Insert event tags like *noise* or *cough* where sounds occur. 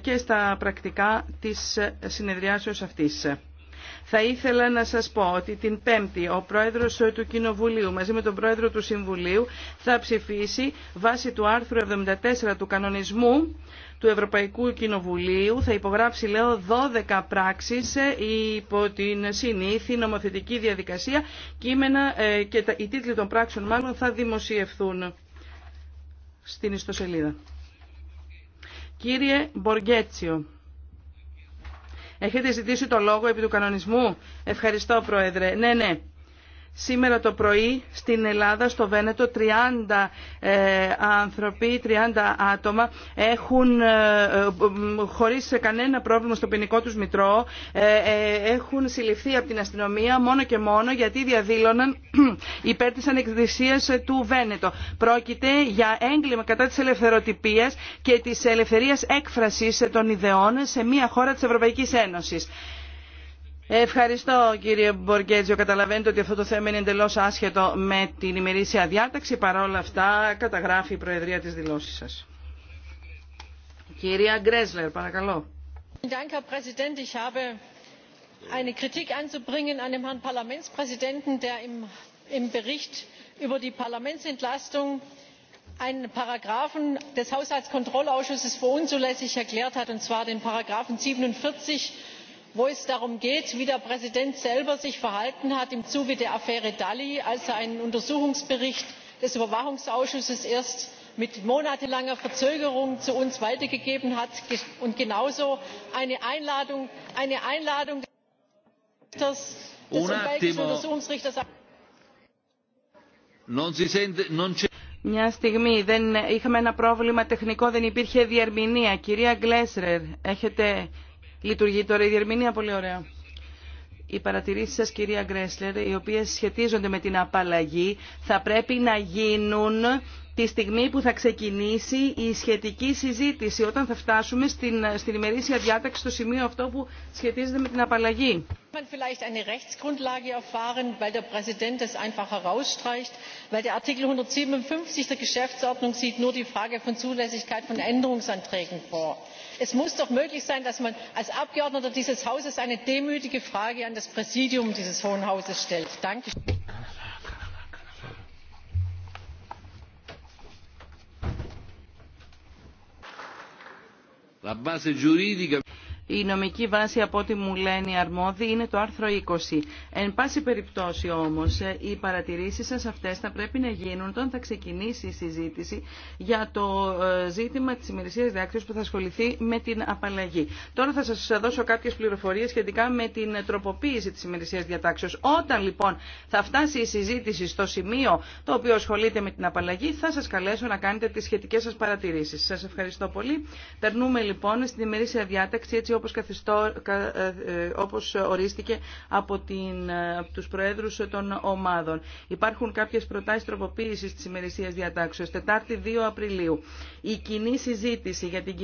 και στα πρακτικά της συνεδριάσεως αυτής. Θα ήθελα να σας πω ότι την Πέμπτη ο Πρόεδρος του Κοινοβουλίου μαζί με τον Πρόεδρο του Συμβουλίου θα ψηφίσει βάσει του άρθρου 74 του κανονισμού του Ευρωπαϊκού Κοινοβουλίου θα υπογράψει, λέω, 12 πράξεις υπό την συνήθη νομοθετική διαδικασία. Κείμενα ε, και οι τίτλοι των πράξεων μάλλον θα δημοσιευθούν στην ιστοσελίδα. Κύριε Μποργέτσιο, έχετε ζητήσει το λόγο επί του κανονισμού. Ευχαριστώ, Πρόεδρε. Ναι, ναι. Σήμερα το πρωί στην Ελλάδα, στο Βένετο, 30 ε, άνθρωποι, 30 άτομα έχουν ε, ε, χωρίς κανένα πρόβλημα στο ποινικό τους μητρό έχουν συλληφθεί από την αστυνομία μόνο και μόνο γιατί διαδήλωναν *clears throat* υπέρ της ανεκδησίας του Βένετο. Πρόκειται για έγκλημα κατά της ελευθεροτυπίας και της ελευθερίας έκφρασης των ιδεών σε μια χώρα της Ευρωπαϊκής Ένωσης. Ευχαριστώ κύριε Μποργέτζιο. Καταλαβαίνετε ότι αυτό το θέμα είναι εντελώς άσχετο με την ημερήσια διάταξη. όλα αυτά καταγράφει η Προεδρία της δηλώσης σας. Κυρία Γκρέσλερ, παρακαλώ. Eine Kritik anzubringen an dem Herrn Parlamentspräsidenten, der im Bericht über die Parlamentsentlastung einen Paragraphen des Haushaltskontrollausschusses für unzulässig erklärt hat, und zwar den Paragraphen 47 wo es darum geht wie der präsident selber sich verhalten hat im zuge der affäre dalli als er einen untersuchungsbericht des überwachungsausschusses erst mit monatelanger verzögerung zu uns weitergegeben hat und genauso eine einladung des belgischen untersuchungsrichters. Μια στιγμή, Λειτουργεί τώρα η διερμηνία πολύ ωραία. Οι παρατηρήσεις σας, κυρία Γκρέσλερ, οι οποίες σχετίζονται με την απαλλαγή, θα πρέπει να γίνουν τη στιγμή που θα ξεκινήσει η σχετική συζήτηση, όταν θα φτάσουμε στην, στην ημερήσια διάταξη στο σημείο αυτό που σχετίζεται με την απαλλαγή. vielleicht eine Rechtsgrundlage erfahren, weil der Präsident das einfach herausstreicht, weil der Artikel 157 der Geschäftsordnung sieht nur die Frage von Zulässigkeit von Änderungsanträgen vor. Es muss doch möglich sein, dass man als Abgeordneter dieses Hauses eine demütige Frage an das Präsidium dieses Hohen Hauses stellt. Danke. la base giuridica η νομική βάση από ό,τι μου λένε οι αρμόδιοι είναι το άρθρο 20. Εν πάση περιπτώσει όμως ε, οι παρατηρήσεις σας αυτές θα πρέπει να γίνουν όταν θα ξεκινήσει η συζήτηση για το ε, ζήτημα της ημερησίας διάκτησης που θα ασχοληθεί με την απαλλαγή. Τώρα θα σας δώσω κάποιες πληροφορίες σχετικά με την τροποποίηση της ημερησίας διατάξεως. Όταν λοιπόν θα φτάσει η συζήτηση στο σημείο το οποίο ασχολείται με την απαλλαγή θα σας καλέσω να κάνετε τις σχετικές σας παρατηρήσεις. Σας ευχαριστώ πολύ. Περνούμε λοιπόν στην ημερήσια διάταξη όπως, ε, όπως ορίστηκε από, την, ε, από τους Προέδρους των ομάδων. Υπάρχουν κάποιες προτάσεις τροποποίησης της ημερησίας διατάξεως. Τετάρτη 2 Απριλίου. Η κοινή συζήτηση για την